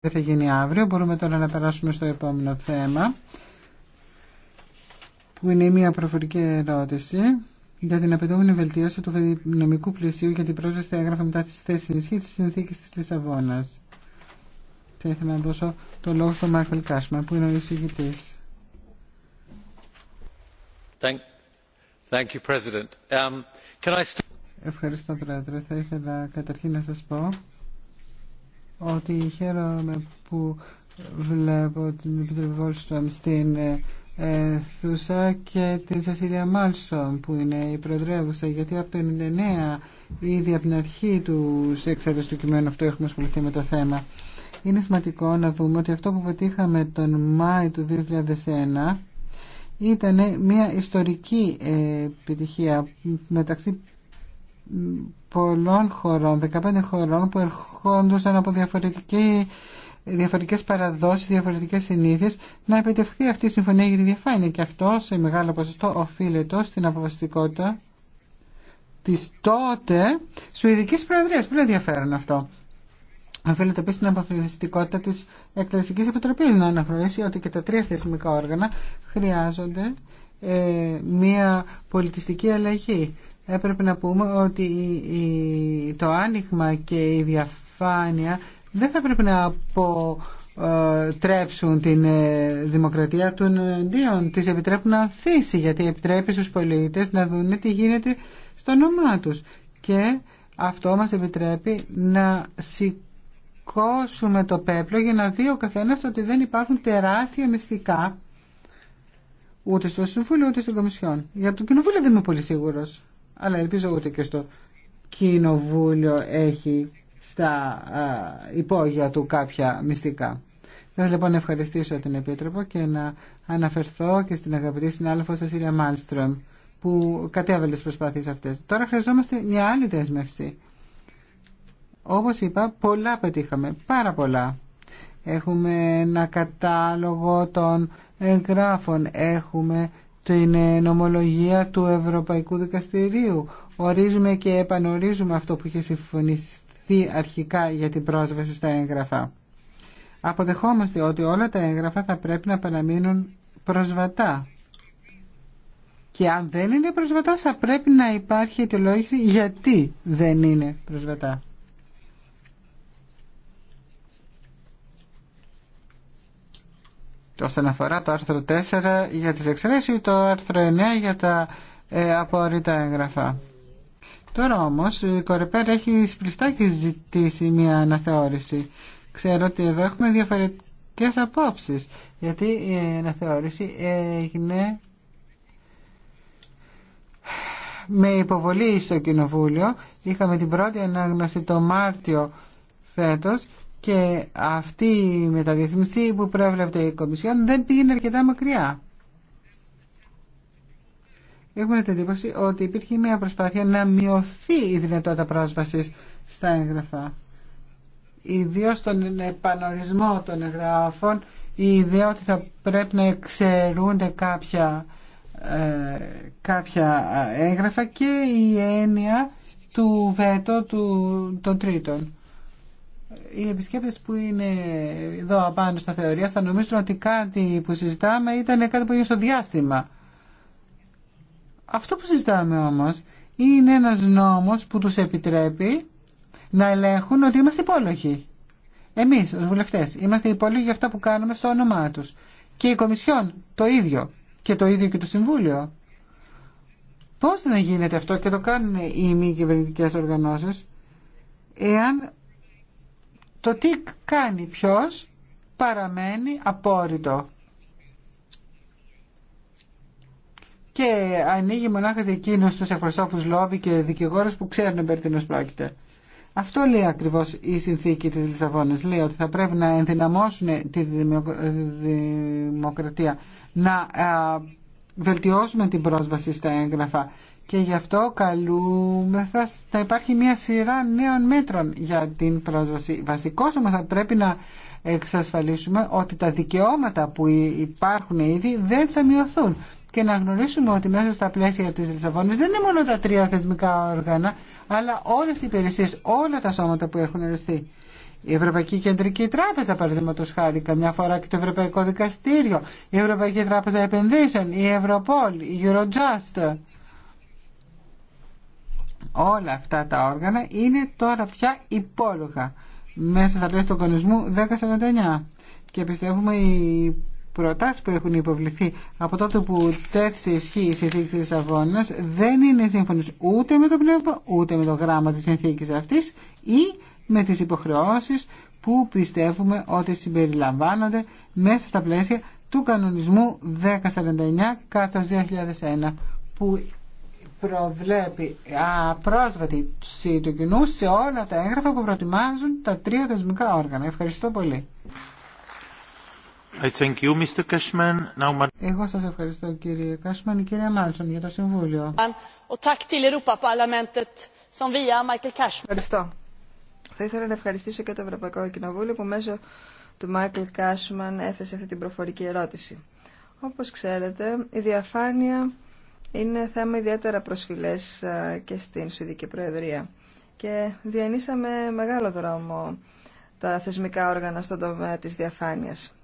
δεν θα γίνει αύριο. Μπορούμε τώρα να περάσουμε στο επόμενο θέμα που είναι μια προφορική ερώτηση για την απαιτούμενη βελτίωση του νομικού πλαισίου για την πρόσβαση στα έγγραφα μετά τη θέση ενισχύ τη συνθήκη τη Λισαβόνα. Θα ήθελα να δώσω το λόγο στον Μάικλ Κάσμα που είναι ο εισηγητή. Um, Ευχαριστώ, Πρόεδρε. Θα ήθελα καταρχήν να σας πω ότι χαίρομαι που βλέπω την Επιτροπή Βόλστρομ στην ε, Θούσα και την Σεσίλια Μάλστρομ που είναι η Προεδρεύουσα γιατί από το 99 ήδη από την αρχή του εξέδωση του κειμένου αυτό έχουμε ασχοληθεί με το θέμα. Είναι σημαντικό να δούμε ότι αυτό που πετύχαμε τον Μάη του 2001 ήταν μια ιστορική ε, επιτυχία μεταξύ πολλών χωρών, 15 χωρών που ερχόντουσαν από διαφορετική, διαφορετικές παραδόσεις, διαφορετικές συνήθειες να επιτευχθεί αυτή η συμφωνία για τη διαφάνεια και αυτό σε μεγάλο ποσοστό οφείλεται στην αποφασιστικότητα της τότε Σουηδικής Προεδρίας. Πολύ ενδιαφέρον αυτό. Οφείλεται επίση την αποφασιστικότητα τη Εκτελεστική Επιτροπή να αναγνωρίσει ότι και τα τρία θεσμικά όργανα χρειάζονται ε, μια πολιτιστική αλλαγή έπρεπε να πούμε ότι το άνοιγμα και η διαφάνεια δεν θα πρέπει να αποτρέψουν ε, την ε, δημοκρατία των εντύων. Τις επιτρέπουν να θύσει γιατί επιτρέπει στους πολίτες να δουν τι γίνεται στο όνομά τους. Και αυτό μας επιτρέπει να σηκώσουμε το πέπλο για να δει ο καθένας ότι δεν υπάρχουν τεράστια μυστικά ούτε στο Συμβούλιο ούτε στην Κομισιόν. Για το Κοινοβούλιο δεν είμαι πολύ σίγουρος αλλά ελπίζω ότι και στο Κοινοβούλιο έχει στα υπόγεια του κάποια μυστικά. Θα ήθελα λοιπόν ευχαριστήσω την Επίτροπο και να αναφερθώ και στην αγαπητή συνάδελφο Σασίλια Μάλστρομ που κατέβαλε τις προσπάθειες αυτές. Τώρα χρειαζόμαστε μια άλλη δέσμευση. Όπως είπα, πολλά πετύχαμε, πάρα πολλά. Έχουμε ένα κατάλογο των εγγράφων, έχουμε στην ε, νομολογία του Ευρωπαϊκού Δικαστηρίου. Ορίζουμε και επανορίζουμε αυτό που είχε συμφωνηθεί αρχικά για την πρόσβαση στα έγγραφα. Αποδεχόμαστε ότι όλα τα έγγραφα θα πρέπει να παραμείνουν προσβατά. Και αν δεν είναι προσβατά θα πρέπει να υπάρχει αιτιολόγηση γιατί δεν είναι προσβατά. όσον αφορά το άρθρο 4 για τις εξαιρέσεις ή το άρθρο 9 για τα ε, απορρίτα έγγραφα. Τώρα όμως η Κορεπέρ έχει και ζητήσει μια αναθεώρηση. Ξέρω ότι εδώ έχουμε διαφορετικές απόψεις γιατί η αναθεώρηση έγινε με υποβολή στο Κοινοβούλιο. Είχαμε την πρώτη ανάγνωση το Μάρτιο φέτος και αυτή η μεταρρύθμιση που προέβλεπε η Κομισιόν δεν πήγαινε αρκετά μακριά. Έχουμε την εντύπωση ότι υπήρχε μια προσπάθεια να μειωθεί η δυνατότητα πρόσβασης στα έγγραφα. Ιδίως στον επανορισμό των εγγράφων, η ιδέα ότι θα πρέπει να εξαιρούνται κάποια, ε, κάποια έγγραφα και η έννοια του βέτο του, των τρίτων οι επισκέπτες που είναι εδώ απάνω στα θεωρία θα νομίζουν ότι κάτι που συζητάμε ήταν κάτι που έγινε στο διάστημα. Αυτό που συζητάμε όμως είναι ένας νόμος που τους επιτρέπει να ελέγχουν ότι είμαστε υπόλογοι. Εμείς, ως βουλευτές, είμαστε υπόλογοι για αυτά που κάνουμε στο όνομά τους. Και η Κομισιόν το ίδιο. Και το ίδιο και το Συμβούλιο. Πώς να γίνεται αυτό και το κάνουν οι μη κυβερνητικέ οργανώσεις εάν το τι κάνει ποιος παραμένει απόρριτο. Και ανοίγει μονάχα εκείνους τους εκπροσώπους λόμπι και δικηγόρους που ξέρουν περί τίνος πρόκειται. Αυτό λέει ακριβώς η συνθήκη της Λισαβόνας. Λέει ότι θα πρέπει να ενδυναμώσουν τη δημοκρατία, να βελτιώσουμε την πρόσβαση στα έγγραφα, και γι' αυτό καλούμεθα να υπάρχει μια σειρά νέων μέτρων για την πρόσβαση. Βασικό όμω θα πρέπει να εξασφαλίσουμε ότι τα δικαιώματα που υπάρχουν ήδη δεν θα μειωθούν και να γνωρίσουμε ότι μέσα στα πλαίσια τη Λισαβόνη δεν είναι μόνο τα τρία θεσμικά όργανα αλλά όλε οι υπηρεσίε, όλα τα σώματα που έχουν οριστεί. Η Ευρωπαϊκή Κεντρική Τράπεζα, παραδείγματο χάρη, καμιά φορά και το Ευρωπαϊκό Δικαστήριο, η Ευρωπαϊκή Τράπεζα Επενδύσεων, η Ευρωπόλ, η Eurojust όλα αυτά τα όργανα είναι τώρα πια υπόλογα μέσα στα πλαίσια του κανονισμού 1049. Και πιστεύουμε οι προτάσεις που έχουν υποβληθεί από τότε που τέθησε ισχύ η συνθήκη της αγώνας δεν είναι σύμφωνες ούτε με το πνεύμα ούτε με το γράμμα της συνθήκης αυτής ή με τις υποχρεώσεις που πιστεύουμε ότι συμπεριλαμβάνονται μέσα στα πλαίσια του κανονισμού 1049 2001 που προβλέπει απρόσβατη του κοινού σε όλα τα έγγραφα που προετοιμάζουν τα τρία θεσμικά όργανα. Ευχαριστώ πολύ. I thank you, Mr. Cashman. Εγώ σας ευχαριστώ κύριε Κάσμαν και κύριε Μάλσον για το Συμβούλιο. Ευχαριστώ. Θα ήθελα να ευχαριστήσω και το Ευρωπαϊκό Κοινοβούλιο που μέσω του Μάικλ Κάσμαν έθεσε αυτή την προφορική ερώτηση. Όπως ξέρετε, η διαφάνεια είναι θέμα ιδιαίτερα προσφυλές και στην Σουηδική Προεδρία. Και διανύσαμε μεγάλο δρόμο τα θεσμικά όργανα στον τομέα της διαφάνειας.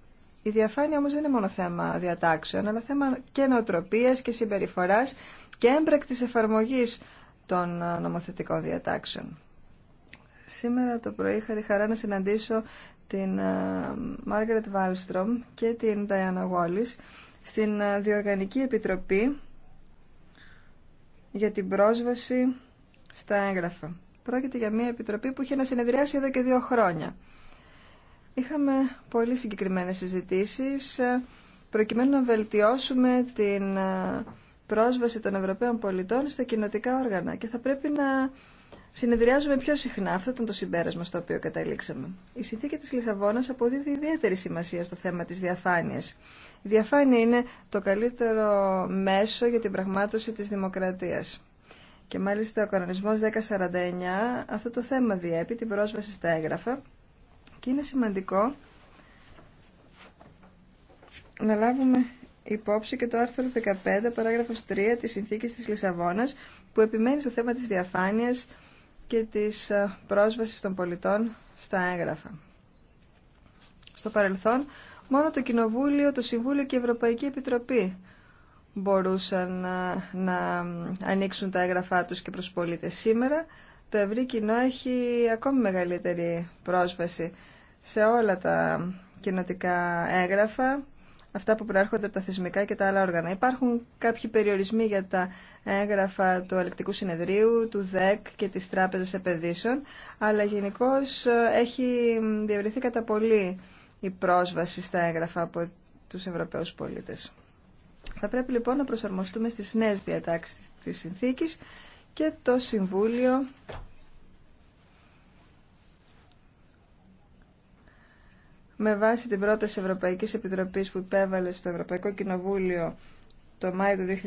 Η διαφάνεια όμως δεν είναι μόνο θέμα διατάξεων, αλλά θέμα και νοοτροπίας και συμπεριφοράς και έμπρακτης εφαρμογής των νομοθετικών διατάξεων. Σήμερα το πρωί είχα τη χαρά να συναντήσω την Μάργαρετ Βάλστρομ και την Diana Wallis στην Διοργανική Επιτροπή για την πρόσβαση στα έγγραφα. Πρόκειται για μια επιτροπή που είχε να συνεδριάσει εδώ και δύο χρόνια. Είχαμε πολύ συγκεκριμένες συζητήσεις ε, προκειμένου να βελτιώσουμε την ε, πρόσβαση των Ευρωπαίων πολιτών στα κοινοτικά όργανα και θα πρέπει να συνεδριάζουμε πιο συχνά. Αυτό ήταν το συμπέρασμα στο οποίο καταλήξαμε. Η συνθήκη τη Λισαβόνα αποδίδει ιδιαίτερη σημασία στο θέμα τη διαφάνεια. Η διαφάνεια είναι το καλύτερο μέσο για την πραγμάτωση τη δημοκρατία. Και μάλιστα ο κανονισμό 1049 αυτό το θέμα διέπει την πρόσβαση στα έγγραφα και είναι σημαντικό να λάβουμε υπόψη και το άρθρο 15 παράγραφος 3 της Συνθήκης της Λισαβόνας που επιμένει στο θέμα της διαφάνειας και της ε, πρόσβασης των πολιτών στα έγγραφα. Στο παρελθόν, μόνο το Κοινοβούλιο, το Συμβούλιο και η Ευρωπαϊκή Επιτροπή μπορούσαν ε, να, να ανοίξουν τα έγγραφά τους και προς πολίτες. Σήμερα το ευρύ κοινό έχει ακόμη μεγαλύτερη πρόσβαση σε όλα τα κοινοτικά έγγραφα αυτά που προέρχονται από τα θεσμικά και τα άλλα όργανα. Υπάρχουν κάποιοι περιορισμοί για τα έγγραφα του Ελεκτικού Συνεδρίου, του ΔΕΚ και της Τράπεζας Επενδύσεων, αλλά γενικώ ε, έχει διευρυνθεί κατά πολύ η πρόσβαση στα έγγραφα από τους Ευρωπαίους πολίτες. Θα πρέπει λοιπόν να προσαρμοστούμε στις νέες διατάξεις της συνθήκης και το Συμβούλιο με βάση την πρόταση Ευρωπαϊκής Επιτροπής που υπέβαλε στο Ευρωπαϊκό Κοινοβούλιο το Μάιο του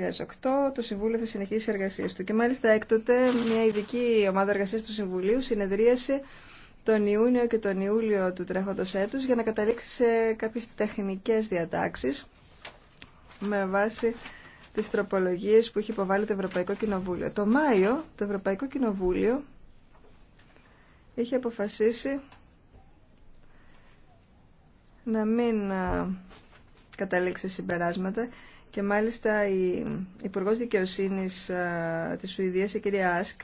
2008, το Συμβούλιο θα συνεχίσει τις εργασίες του. Και μάλιστα έκτοτε μια ειδική ομάδα εργασίας του Συμβουλίου συνεδρίασε τον Ιούνιο και τον Ιούλιο του τρέχοντος έτους για να καταλήξει σε κάποιες τεχνικές διατάξεις με βάση τις τροπολογίες που έχει υποβάλει το Ευρωπαϊκό Κοινοβούλιο. Το Μάιο το Ευρωπαϊκό Κοινοβούλιο είχε αποφασίσει να μην ε, καταλήξει συμπεράσματα και μάλιστα η Υπουργός Δικαιοσύνης ε, της Σουηδίας, η κυρία Άσκ,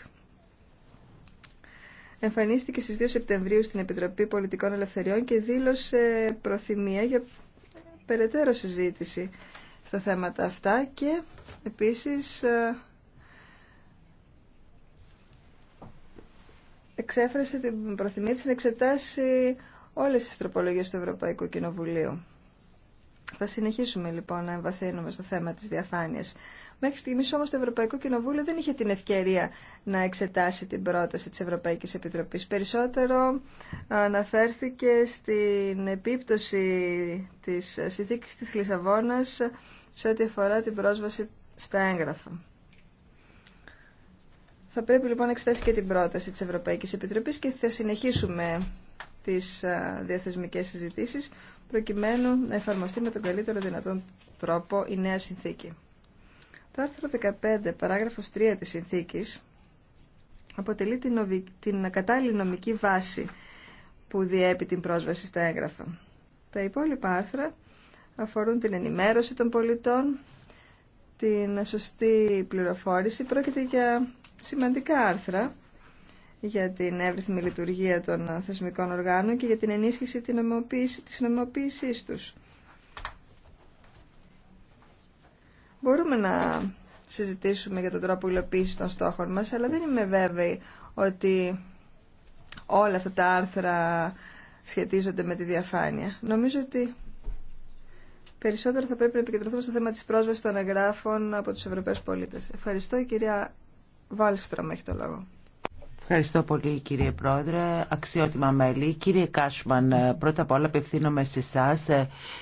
εμφανίστηκε στις 2 Σεπτεμβρίου στην Επιτροπή Πολιτικών Ελευθεριών και δήλωσε προθυμία για περαιτέρω συζήτηση στα θέματα αυτά και επίσης ε, εξέφρασε την προθυμία της να εξετάσει όλες τις τροπολογίες του Ευρωπαϊκού Κοινοβουλίου. Θα συνεχίσουμε λοιπόν να εμβαθύνουμε στο θέμα της διαφάνειας. Μέχρι στιγμής όμως το Ευρωπαϊκό Κοινοβούλιο δεν είχε την ευκαιρία να εξετάσει την πρόταση της Ευρωπαϊκής Επιτροπής. Περισσότερο ε, αναφέρθηκε στην επίπτωση της συνθήκη της Λισαβόνας σε ό,τι αφορά την πρόσβαση στα έγγραφα. Θα πρέπει λοιπόν να εξετάσει και την πρόταση της Ευρωπαϊκής Επιτροπής και θα συνεχίσουμε τις ε, διαθεσμικές συζητήσεις προκειμένου να εφαρμοστεί με τον καλύτερο δυνατόν τρόπο η νέα συνθήκη. Το άρθρο 15, παράγραφος 3 της συνθήκης αποτελεί την, την κατάλληλη νομική βάση που διέπει την πρόσβαση στα έγγραφα. Τα υπόλοιπα άρθρα αφορούν την ενημέρωση των πολιτών, την σωστή πληροφόρηση. Πρόκειται για σημαντικά άρθρα για την εύρυθμη λειτουργία των θεσμικών οργάνων και για την ενίσχυση της νομιμοποίησής τους. Μπορούμε να συζητήσουμε για τον τρόπο υλοποίηση των στόχων μας, αλλά δεν είμαι βέβαιη ότι όλα αυτά τα άρθρα σχετίζονται με τη διαφάνεια. Νομίζω ότι περισσότερο θα πρέπει να επικεντρωθούμε στο θέμα της πρόσβασης των εγγράφων από τους Ευρωπαίους πολίτες. Ευχαριστώ, η κυρία Βάλστρομ έχει το λόγο. Ευχαριστώ πολύ κύριε Πρόεδρε, αξιότιμα μέλη. Κύριε Κάσμαν, πρώτα απ' όλα απευθύνομαι σε εσά.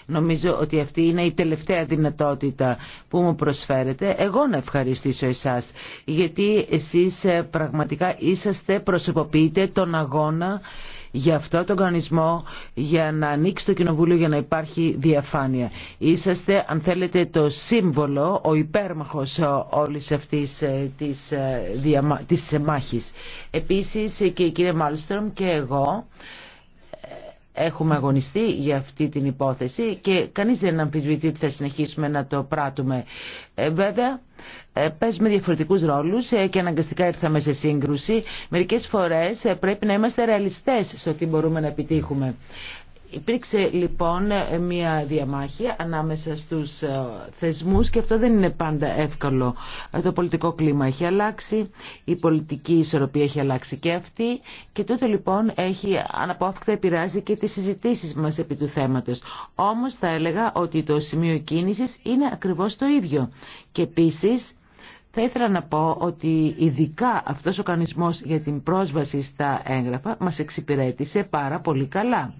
Νομίζω ότι αυτή είναι η τελευταία δυνατότητα που μου προσφέρετε. Εγώ να ευχαριστήσω εσάς, γιατί εσείς ε, πραγματικά είσαστε, προσωποποιείτε τον αγώνα για αυτό τον κανονισμό για να ανοίξει το Κοινοβούλιο για να υπάρχει διαφάνεια. Είσαστε, αν θέλετε, το σύμβολο, ο υπέρμαχος όλης αυτής ε, της, της, ε, της μάχης. Επίσης ε, και η κυρία Μάλστρομ και εγώ έχουμε αγωνιστεί για αυτή την υπόθεση και κανείς δεν αμφισβητεί ότι θα συνεχίσουμε να το πράττουμε. Ε, βέβαια, ε, παίζουμε διαφορετικούς ρόλους ε, και αναγκαστικά ήρθαμε σε σύγκρουση. Μερικές φορές ε, πρέπει να είμαστε ρεαλιστές στο τι μπορούμε να επιτύχουμε. Υπήρξε λοιπόν μια διαμάχη ανάμεσα στους ε, θεσμούς και αυτό δεν είναι πάντα εύκολο. Ε, το πολιτικό κλίμα έχει αλλάξει, η πολιτική ισορροπία έχει αλλάξει και αυτή και τούτο λοιπόν έχει αναπόφευκτα επηρεάζει και τις συζητήσεις μας επί του θέματος. Όμως θα έλεγα ότι το σημείο κίνησης είναι ακριβώς το ίδιο. Και επίσης θα ήθελα να πω ότι ειδικά αυτός ο κανισμός για την πρόσβαση στα έγγραφα μας εξυπηρέτησε πάρα πολύ καλά.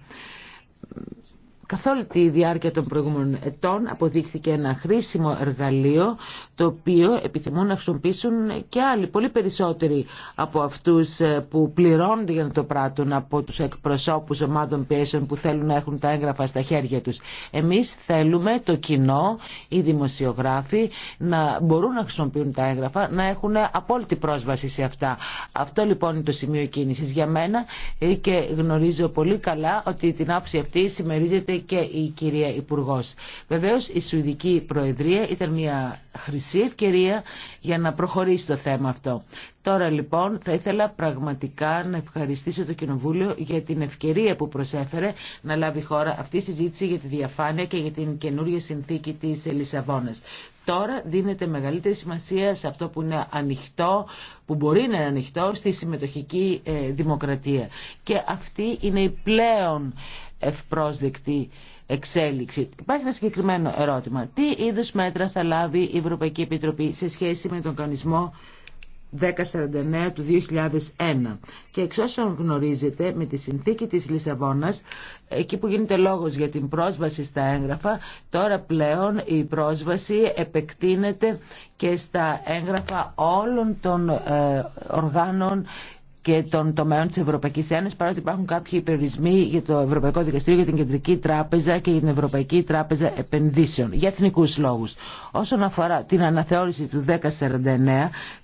Ευχαριστώ καθ' όλη τη διάρκεια των προηγούμενων ετών αποδείχθηκε ένα χρήσιμο εργαλείο το οποίο επιθυμούν να χρησιμοποιήσουν και άλλοι, πολύ περισσότεροι από αυτούς ε, που πληρώνουν για να το πράττουν από τους εκπροσώπους ομάδων πιέσεων που θέλουν να έχουν τα έγγραφα στα χέρια τους. Εμείς θέλουμε το κοινό, οι δημοσιογράφοι να μπορούν να χρησιμοποιούν τα έγγραφα, να έχουν απόλυτη πρόσβαση σε αυτά. Αυτό λοιπόν είναι το σημείο κίνησης για μένα ε, και γνωρίζω πολύ καλά ότι την άποψη αυτή και η κυρία Υπουργό. Βεβαίω η Σουηδική Προεδρία ήταν μια χρυσή ευκαιρία για να προχωρήσει το θέμα αυτό. Τώρα λοιπόν θα ήθελα πραγματικά να ευχαριστήσω το Κοινοβούλιο για την ευκαιρία που προσέφερε να λάβει χώρα αυτή η συζήτηση για τη διαφάνεια και για την καινούργια συνθήκη της Λισαβόνας. Τώρα δίνεται μεγαλύτερη σημασία σε αυτό που είναι ανοιχτό, που μπορεί να είναι ανοιχτό στη συμμετοχική ε, δημοκρατία. Και αυτή είναι η πλέον ευπρόσδεκτη εξέλιξη. Υπάρχει ένα συγκεκριμένο ερώτημα. Τι είδους μέτρα θα λάβει η Ευρωπαϊκή Επιτροπή σε σχέση με τον κανονισμό 1049 του 2001. Και εξ όσων γνωρίζετε, με τη συνθήκη της Λισαβόνας, εκεί που γίνεται λόγος για την πρόσβαση στα έγγραφα, τώρα πλέον η πρόσβαση επεκτείνεται και στα έγγραφα όλων των ε, οργάνων και των τομέων τη Ευρωπαϊκή Ένωση, παρότι υπάρχουν κάποιοι περιορισμοί για το Ευρωπαϊκό Δικαστήριο, για την Κεντρική Τράπεζα και για την Ευρωπαϊκή Τράπεζα Επενδύσεων για εθνικού λόγου. Όσον αφορά την αναθεώρηση του 1049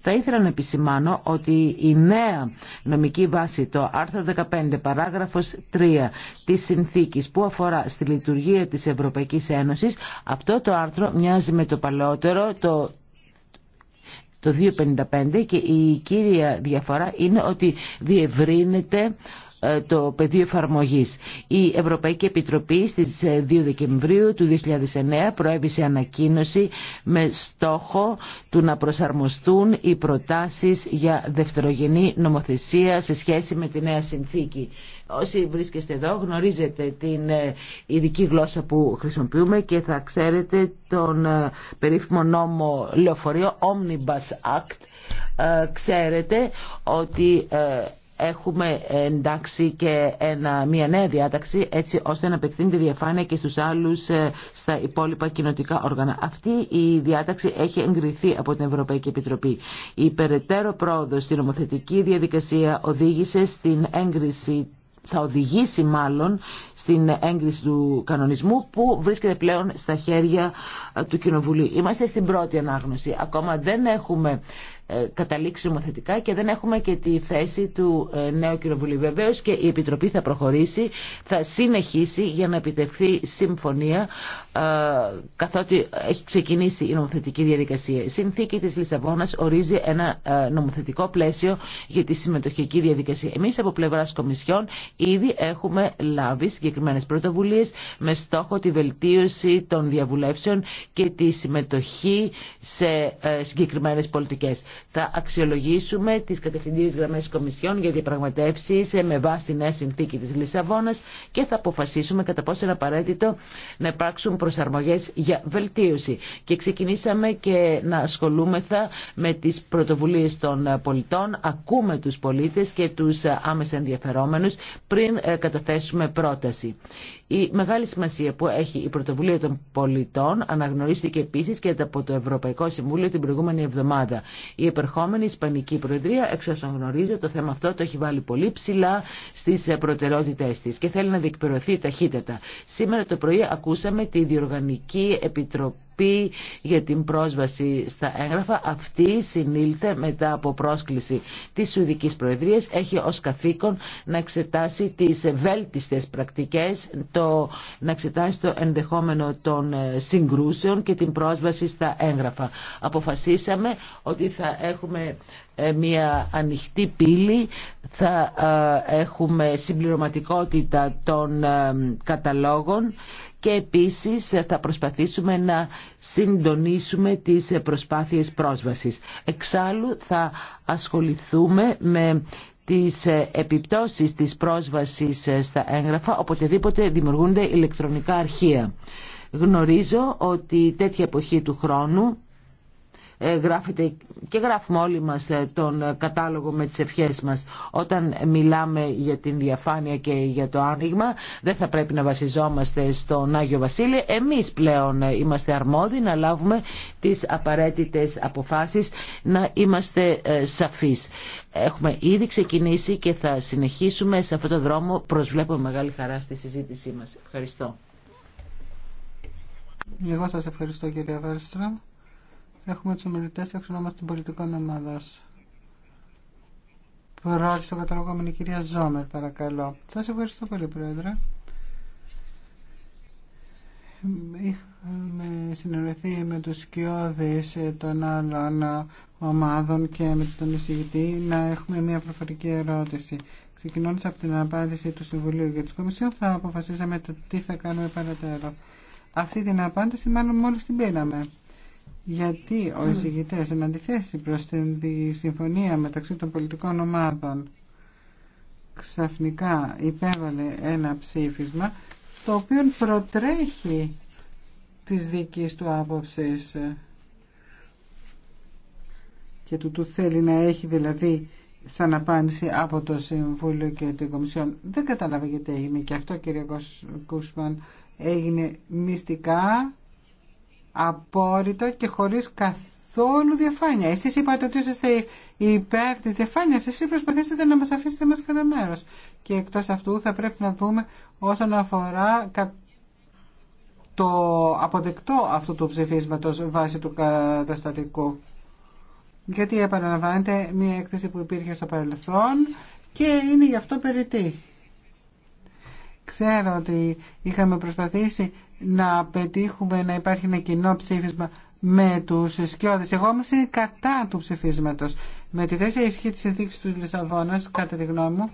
θα ήθελα να επισημάνω ότι η νέα νομική βάση το άρθρο 15 παράγραφο 3 τη συνθήκη που αφορά στη λειτουργία τη Ευρωπαϊκή Ένωση, αυτό το άρθρο μοιάζει με το παλαιότερο το το 2,55 και η κύρια διαφορά είναι ότι διευρύνεται ε, το πεδίο εφαρμογής. Η Ευρωπαϊκή Επιτροπή στις 2 ε, Δεκεμβρίου του 2009 προέβησε ανακοίνωση με στόχο του να προσαρμοστούν οι προτάσεις για δευτερογενή νομοθεσία σε σχέση με τη νέα συνθήκη. Όσοι βρίσκεστε εδώ γνωρίζετε την ε, ειδική γλώσσα που χρησιμοποιούμε και θα ξέρετε τον περίφημο νόμο λεωφορείο Omnibus Act. Ξέρετε ότι έχουμε εντάξει και ένα, μια νέα διάταξη έτσι ώστε να απευθύνει τη διαφάνεια και στους άλλους ε, στα υπόλοιπα κοινοτικά όργανα. Αυτή η διάταξη έχει εγκριθεί από την Ευρωπαϊκή Επιτροπή. Η περαιτέρω πρόοδο στην νομοθετική διαδικασία οδήγησε στην έγκριση θα οδηγήσει μάλλον στην έγκριση του κανονισμού που βρίσκεται πλέον στα χέρια ε, του Κοινοβουλίου. Είμαστε στην πρώτη ανάγνωση. Ακόμα δεν έχουμε ε, καταλήξει νομοθετικά και δεν έχουμε και τη θέση του ε, νέου κοινοβουλίου. Βεβαίω και η Επιτροπή θα προχωρήσει, θα συνεχίσει για να επιτευχθεί συμφωνία ε, καθότι έχει ξεκινήσει η νομοθετική διαδικασία. Η συνθήκη της Λισαβόνας ορίζει ένα ε, νομοθετικό πλαίσιο για τη συμμετοχική διαδικασία. Εμείς από πλευράς Κομισιόν ήδη έχουμε λάβει συγκεκριμένες πρωτοβουλίες με στόχο τη βελτίωση των διαβουλεύσεων και τη συμμετοχή σε ε, συγκεκριμένες πολιτικές. Θα αξιολογήσουμε τις κατευθυντήριες γραμμές Κομισιόν για διαπραγματεύσεις με βάση τη νέα συνθήκη της Λισαβόνας και θα αποφασίσουμε κατά πόσο είναι απαραίτητο να υπάρξουν προσαρμογές για βελτίωση. Και ξεκινήσαμε και να ασχολούμεθα με τις πρωτοβουλίε των πολιτών. Ακούμε τους πολίτες και τους άμεσα ενδιαφερόμενους πριν ε, καταθέσουμε πρόταση. Η μεγάλη σημασία που έχει η πρωτοβουλία των πολιτών αναγνωρίστηκε επίσης και από το Ευρωπαϊκό Συμβούλιο την προηγούμενη εβδομάδα. Η επερχόμενη Ισπανική Προεδρία, εξ όσων γνωρίζω, το θέμα αυτό το έχει βάλει πολύ ψηλά στις προτεραιότητές της και θέλει να διεκπαιρωθεί ταχύτατα. Σήμερα το πρωί ακούσαμε τη Διοργανική Επιτροπή για την πρόσβαση στα έγγραφα αυτή συνήλθε μετά από πρόσκληση της Σουηδικής Προεδρίας έχει ως καθήκον να εξετάσει τις βέλτιστες πρακτικές το, να εξετάσει το ενδεχόμενο των ε, συγκρούσεων και την πρόσβαση στα έγγραφα. Αποφασίσαμε ότι θα έχουμε ε, μια ανοιχτή πύλη θα ε, έχουμε συμπληρωματικότητα των καταλόγων και επίσης θα προσπαθήσουμε να συντονίσουμε τις προσπάθειες πρόσβασης. Εξάλλου θα ασχοληθούμε με τις επιπτώσεις της πρόσβασης στα έγγραφα οποτεδήποτε δημιουργούνται ηλεκτρονικά αρχεία. Γνωρίζω ότι τέτοια εποχή του χρόνου ε, γράφεται και γράφουμε όλοι μας ε, τον ε, κατάλογο με τις ευχές μας. Όταν μιλάμε για την διαφάνεια και για το άνοιγμα, δεν θα πρέπει να βασιζόμαστε στον Άγιο Βασίλη. Εμείς πλέον είμαστε αρμόδιοι να λάβουμε τις απαραίτητες αποφάσεις, να είμαστε σαφείς. Έχουμε ήδη ξεκινήσει και θα συνεχίσουμε σε αυτόν τον δρόμο. Προσβλέπω μεγάλη χαρά στη συζήτησή μας. Ευχαριστώ. Εγώ σας ευχαριστώ κύριε Βέρστρα. Έχουμε τους ομιλητές εξ ονόματος των πολιτικών ομάδων. Πρώτη στο η κυρία Ζόμερ, παρακαλώ. Σας ευχαριστώ πολύ, Πρόεδρε. Είχαμε συνεργαθεί με τους σκιώδεις των άλλων ομάδων και με τον εισηγητή να έχουμε μια προφορική ερώτηση. Ξεκινώντας από την απάντηση του Συμβουλίου και της Κομισιόν θα αποφασίσαμε το τι θα κάνουμε παρατέρω. Αυτή την απάντηση μάλλον μόλις την πήραμε γιατί ο εισηγητές εν αντιθέσει προς τη συμφωνία μεταξύ των πολιτικών ομάδων ξαφνικά υπέβαλε ένα ψήφισμα το οποίο προτρέχει της δικής του άποψης και του του θέλει να έχει δηλαδή σαν απάντηση από το Συμβούλιο και την Κομισιόν. Δεν κατάλαβα γιατί έγινε και αυτό κύριε Κούσμαν έγινε μυστικά απόρριτο και χωρίς καθόλου διαφάνεια. Εσείς είπατε ότι είστε υπέρ της διαφάνειας, εσείς προσπαθήσατε να μας αφήσετε μας κατά μέρο. Και εκτός αυτού θα πρέπει να δούμε όσον αφορά το αποδεκτό αυτού του ψηφίσματος βάσει του καταστατικού. Γιατί επαναλαμβάνεται μια έκθεση που υπήρχε στο παρελθόν και είναι γι' αυτό περιττή. Ξέρω ότι είχαμε προσπαθήσει να πετύχουμε να υπάρχει ένα κοινό ψήφισμα με του σκιώδες. Εγώ όμω είμαι κατά του ψηφίσματος. Με τη θέση ισχύει τη συνθήκη του Λισαβόνα κατά τη γνώμη μου,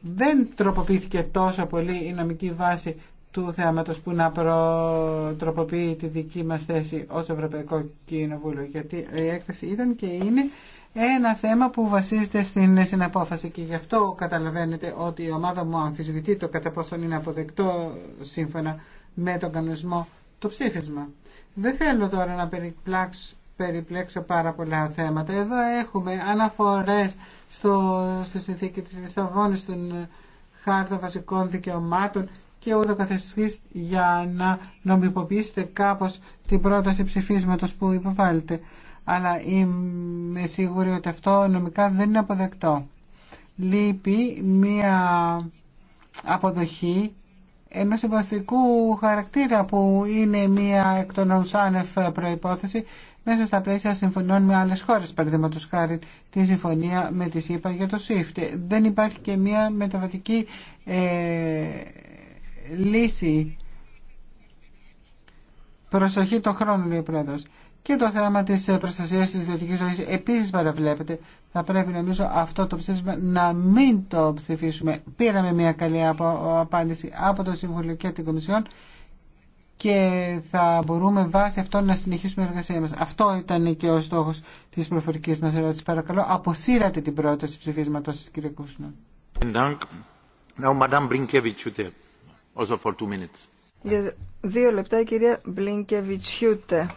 δεν τροποποιήθηκε τόσο πολύ η νομική βάση του θέματος που να προτροποποιεί τη δική μας θέση ως Ευρωπαϊκό Κοινοβούλιο γιατί η έκθεση ήταν και είναι ένα θέμα που βασίζεται στην συναπόφαση και γι' αυτό καταλαβαίνετε ότι η ομάδα μου αμφισβητεί το κατά πόσο είναι αποδεκτό σύμφωνα με τον κανονισμό το ψήφισμα. Δεν θέλω τώρα να περιπλάξω, περιπλέξω πάρα πολλά θέματα. Εδώ έχουμε αναφορές στο, στη συνθήκη της Λισαβόνης, στον χάρτα βασικών δικαιωμάτων και ούτω καθεστής για να νομιμοποιήσετε κάπως την πρόταση ψηφίσματος που υποβάλλετε. Αλλά είμαι σίγουρη ότι αυτό νομικά δεν είναι αποδεκτό. Λείπει μία αποδοχή ενός συμβαστικού χαρακτήρα που είναι μία εκ των ουσάνευ προϋπόθεση μέσα στα πλαίσια συμφωνιών με άλλες χώρες, παραδείγματο χάρη τη συμφωνία με τη ΣΥΠΑ για το ΣΥΦΤΕ. Δεν υπάρχει και μία μεταβατική ε, λύση. Προσοχή των χρόνων, λέει ο Πρόεδρος. Και το θέμα τη ε, προστασία τη ιδιωτική ζωή, επίση παραβλέπεται. Θα πρέπει νομίζω αυτό το ψήφισμα να μην το ψηφίσουμε. Πήραμε μια καλή απάντηση από το Συμβουλίο και την Κομισιόν και θα μπορούμε βάσει αυτό να συνεχίσουμε την εργασία μα. Αυτό ήταν και ο στόχο τη προφορική μα. ερώτηση. Παρακαλώ, αποσύρατε την πρόταση ψηφίσματος τη, κυρία Κούσνα. Για δύο λεπτά η κυρία Μπλίνκεβιτσιούτε.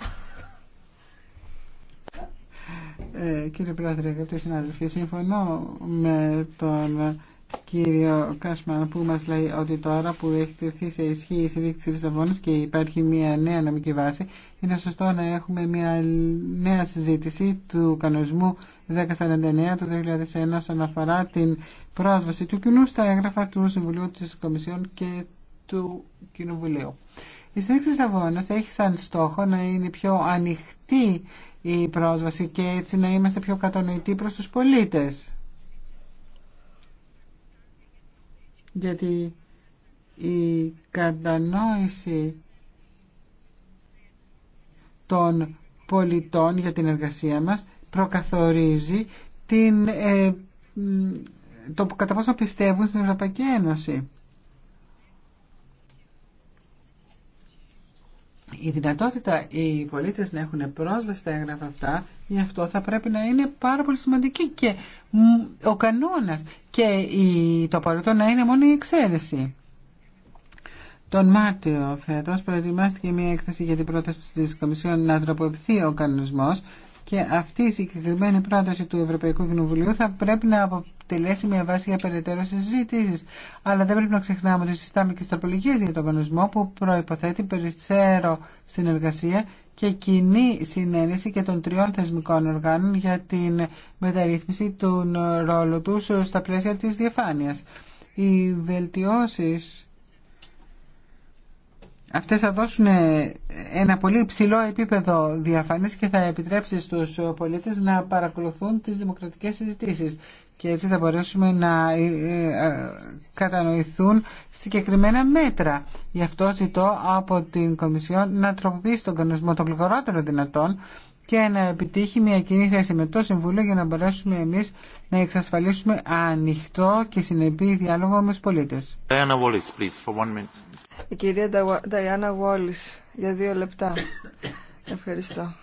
Ε, κύριε Πρόεδρε, αγαπητοί συναδελφοί, συμφωνώ με τον κύριο Κάσμαν που μας λέει ότι τώρα που έχει τεθεί σε ισχύ η συνδίκη της Λισαβόνης και υπάρχει μια νέα νομική βάση, είναι σωστό να έχουμε μια νέα συζήτηση του κανονισμού 1049 του 2001 όσον αφορά την πρόσβαση του κοινού στα έγγραφα του Συμβουλίου της Κομισιόν και του Κοινοβουλίου. Η στήριξη της αγώνας έχει σαν στόχο να είναι πιο ανοιχτή η πρόσβαση και έτσι να είμαστε πιο κατανοητοί προς τους πολίτες. Γιατί η κατανόηση των πολιτών για την εργασία μας προκαθορίζει την, ε, το κατά πόσο πιστεύουν στην Ευρωπαϊκή Ένωση. η δυνατότητα οι πολίτες να έχουν πρόσβαση στα έγγραφα αυτά, γι' αυτό θα πρέπει να είναι πάρα πολύ σημαντική και ο κανόνας και το απαραίτητο να είναι μόνο η εξαίρεση. Τον Μάρτιο φέτος προετοιμάστηκε μια έκθεση για την πρόταση της Κομισιόν να τροποποιηθεί ο κανονισμός και αυτή η συγκεκριμένη πρόταση του Ευρωπαϊκού Κοινοβουλίου θα πρέπει να αποτελέσει μια βάση για περαιτέρω συζητήσει. Αλλά δεν πρέπει να ξεχνάμε ότι συστάμε και στροπολογίε για τον οργανισμό που προποθέτει περισσότερο συνεργασία και κοινή συνένεση και των τριών θεσμικών οργάνων για την μεταρρύθμιση του ρόλου του στα πλαίσια τη διαφάνεια. Οι βελτιώσει. Αυτές θα δώσουν ε, ένα πολύ υψηλό επίπεδο διαφάνειας και θα επιτρέψει στους πολίτες να παρακολουθούν τις δημοκρατικές συζητήσεις και έτσι θα μπορέσουμε να ε, ε, κατανοηθούν συγκεκριμένα μέτρα. Γι' αυτό ζητώ από την Κομισιόν να τροποποιήσει τον κανονισμό των γλυκορότερο δυνατών και να επιτύχει μια κοινή θέση με το Συμβούλιο για να μπορέσουμε εμείς να εξασφαλίσουμε ανοιχτό και συνεπή διάλογο με τους πολίτες. Η κυρία Νταϊάννα Γουόλης για δύο λεπτά. Ευχαριστώ.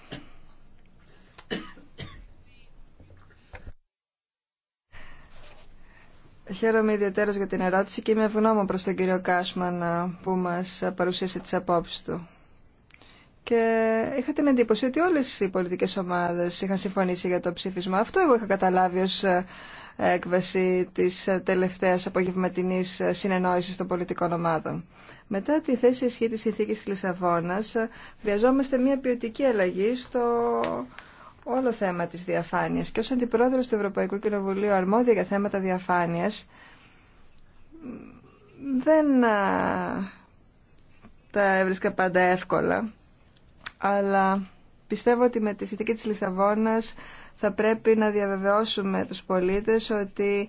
Χαίρομαι ιδιαίτερα για την ερώτηση και είμαι ευγνώμων προς τον κύριο Κάσμαν που μας παρουσίασε τις απόψεις του. Και είχα την εντύπωση ότι όλες οι πολιτικές ομάδες είχαν συμφωνήσει για το ψήφισμα. Αυτό εγώ είχα καταλάβει ως έκβαση της τελευταίας απογευματινής συνεννόησης των πολιτικών ομάδων. Μετά τη θέση ισχύ της ηθίκης της Λισαβόνας, χρειαζόμαστε μια ποιοτική αλλαγή στο όλο θέμα της διαφάνειας. Και ως αντιπρόεδρος του Ευρωπαϊκού Κοινοβουλίου αρμόδια για θέματα διαφάνειας, δεν τα έβρισκα πάντα εύκολα, αλλά Πιστεύω ότι με τη συνθήκη της Λισαβόνας θα πρέπει να διαβεβαιώσουμε τους πολίτες ότι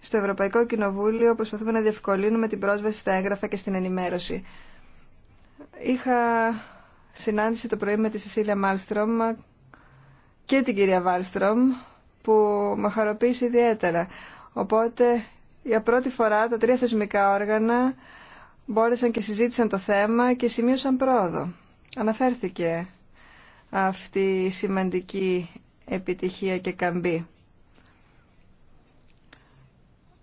στο Ευρωπαϊκό Κοινοβούλιο προσπαθούμε να διευκολύνουμε την πρόσβαση στα έγγραφα και στην ενημέρωση. Είχα συνάντηση το πρωί με τη Σεσίλια Μάλστρομ και την κυρία Βάλστρομ που με χαροποίησε ιδιαίτερα. Οπότε για πρώτη φορά τα τρία θεσμικά όργανα μπόρεσαν και συζήτησαν το θέμα και σημείωσαν πρόοδο. Αναφέρθηκε αυτή η σημαντική επιτυχία και καμπή.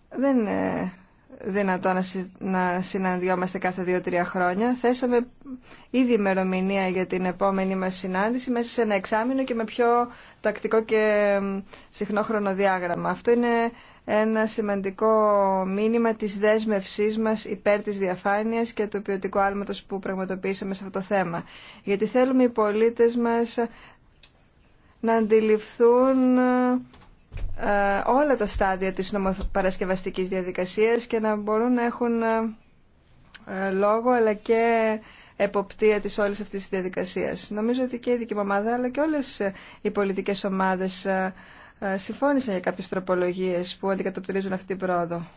Δεν ε, δυνατό να συναντιόμαστε κάθε δύο-τρία χρόνια. Θέσαμε ήδη ημερομηνία για την επόμενη μας συνάντηση μέσα σε ένα εξάμεινο και με πιο τακτικό και συχνό χρονοδιάγραμμα. Αυτό είναι ένα σημαντικό μήνυμα της δέσμευσής μας υπέρ της διαφάνειας και του ποιοτικού άλματος που πραγματοποιήσαμε σε αυτό το θέμα. Γιατί θέλουμε οι πολίτες μας να αντιληφθούν ε, όλα τα στάδια της νομοπαρασκευαστικής διαδικασίας και να μπορούν να έχουν ε, ε, λόγο αλλά και εποπτεία της όλης αυτής της διαδικασίας. Νομίζω ότι και η δική ομάδα αλλά και όλες οι πολιτικές ομάδες συμφώνησαν για κάποιες τροπολογίες που αντικατοπτρίζουν αυτή την πρόοδο.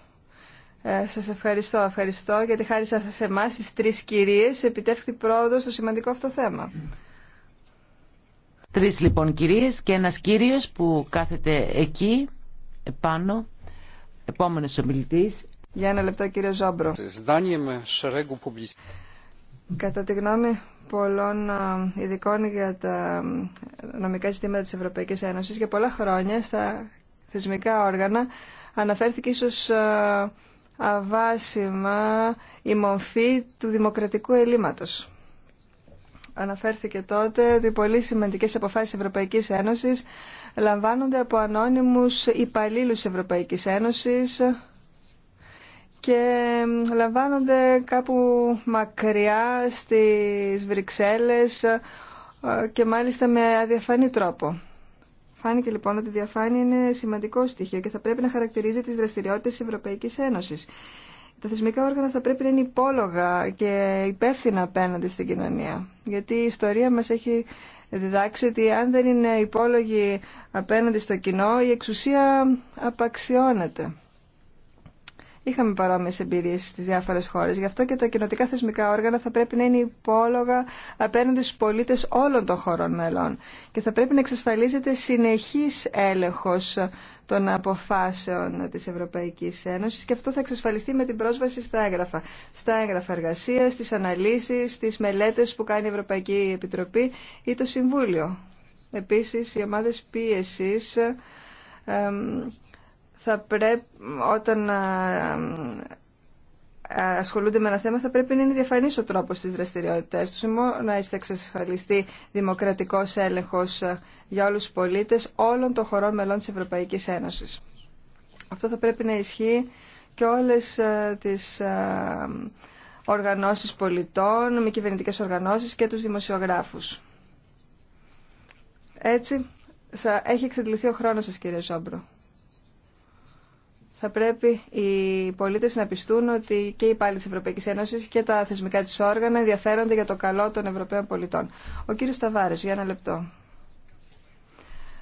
Ε, σας ευχαριστώ, ευχαριστώ γιατί χάρη σε εμά τις τρεις κυρίες επιτεύχθη πρόοδο στο σημαντικό αυτό θέμα. Τρεις λοιπόν κυρίες και ένας κύριος που κάθεται εκεί, επάνω, επόμενος ομιλητής. Για ένα λεπτό κύριε Ζόμπρο. Κατά τη γνώμη πολλών ειδικών για τα νομικά ζητήματα της Ευρωπαϊκής Ένωσης για πολλά χρόνια στα θεσμικά όργανα αναφέρθηκε ίσως αβάσιμα η μορφή του δημοκρατικού ελλείμματος αναφέρθηκε τότε ότι πολύ σημαντικές αποφάσεις Ευρωπαϊκής Ένωσης λαμβάνονται από ανώνυμους υπαλλήλους Ευρωπαϊκής Ένωσης και λαμβάνονται κάπου μακριά στις Βρυξέλλες και μάλιστα με αδιαφανή τρόπο. Φάνηκε λοιπόν ότι η διαφάνεια είναι σημαντικό στοιχείο και θα πρέπει να χαρακτηρίζει τις δραστηριότητες της Ευρωπαϊκής Ένωσης τα θεσμικά όργανα θα πρέπει να είναι υπόλογα και υπεύθυνα απέναντι στην κοινωνία. Γιατί η ιστορία μας έχει διδάξει ότι αν δεν είναι υπόλογοι απέναντι στο κοινό, η εξουσία απαξιώνεται. Είχαμε παρόμοιε εμπειρίε στι διάφορε χώρε. Γι' αυτό και τα κοινοτικά θεσμικά όργανα θα πρέπει να είναι υπόλογα απέναντι στου πολίτε όλων των χωρών μελών. Και θα πρέπει να εξασφαλίζεται συνεχή έλεγχο των αποφάσεων τη Ευρωπαϊκή Ένωση. Και αυτό θα εξασφαλιστεί με την πρόσβαση στα έγγραφα. Στα έγγραφα εργασία, στι αναλύσει, στι μελέτε που κάνει η Ευρωπαϊκή Επιτροπή ή το Συμβούλιο. Επίσης, οι ομάδες πίεσης θα πρέπει, όταν ασχολούνται με ένα θέμα θα πρέπει να είναι διαφανής ο τρόπος της δραστηριότητας τους. Μόνο να είστε εξασφαλιστεί δημοκρατικός έλεγχος για όλους τους πολίτες όλων των χωρών μελών της Ευρωπαϊκής Ένωσης. Αυτό θα πρέπει να ισχύει και όλες τις οργανώσεις πολιτών, μη κυβερνητικέ οργανώσεις και τους δημοσιογράφους. Έτσι, έχει εξαντληθεί ο χρόνος σας κύριε Σόμπρο θα πρέπει οι πολίτες να πιστούν ότι και οι υπάλληλοι της Ευρωπαϊκής Ένωσης και τα θεσμικά της όργανα ενδιαφέρονται για το καλό των Ευρωπαίων πολιτών. Ο κύριος Σταβάρης, για ένα λεπτό.